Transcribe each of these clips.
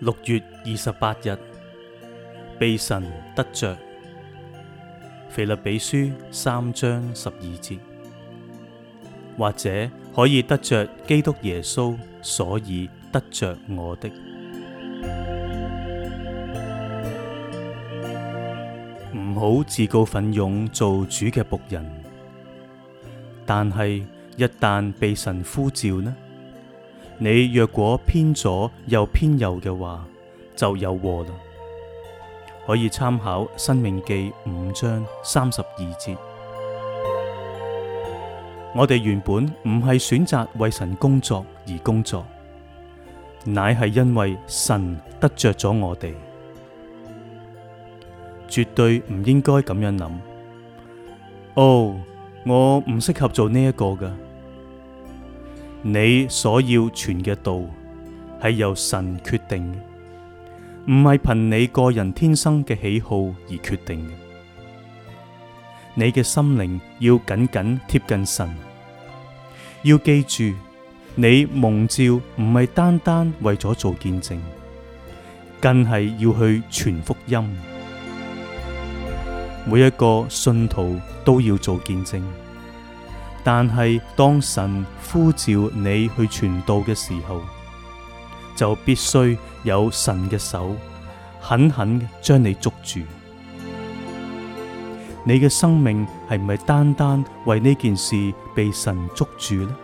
六月二十八日，被神得着腓立比書三章十二節，或者可以得着基督耶穌，所以得着我的。唔好自告奮勇做主嘅僕人，但係一旦被神呼召呢，你若果偏左又偏右嘅話，就有禍啦。可以參考《生命記》五章三十二節。我哋原本唔係選擇為神工作而工作，乃係因為神得着咗我哋。絕對唔應該咁樣諗。哦，我唔適合做呢一個㗎。你所要傳嘅道係由神決定嘅，唔係憑你個人天生嘅喜好而決定嘅。你嘅心靈要緊緊貼近神，要記住你蒙召唔係單單為咗做見證，更係要去傳福音。每一個信徒都要做見證。但係，當神呼召你去傳道嘅時候，就必須有神嘅手狠狠將你捉住。你嘅生命係唔係單單為呢件事被神捉住呢？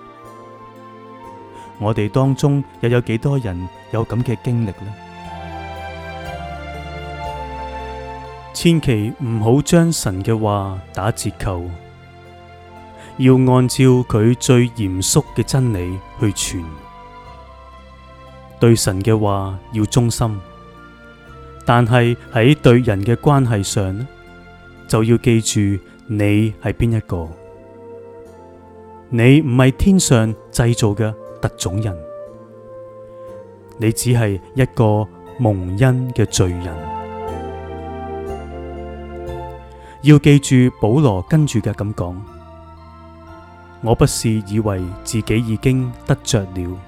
我哋當中又有幾多人有咁嘅經歷呢？千祈唔好將神嘅話打折扣。要按照佢最嚴肅嘅真理去傳，對神嘅話要忠心，但係喺對人嘅關係上呢，就要記住你係邊一個？你唔係天上製造嘅特種人，你只係一個蒙恩嘅罪人。要記住保羅跟住嘅咁講。我不是以為自己已經得着了，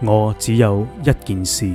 我只有一件事。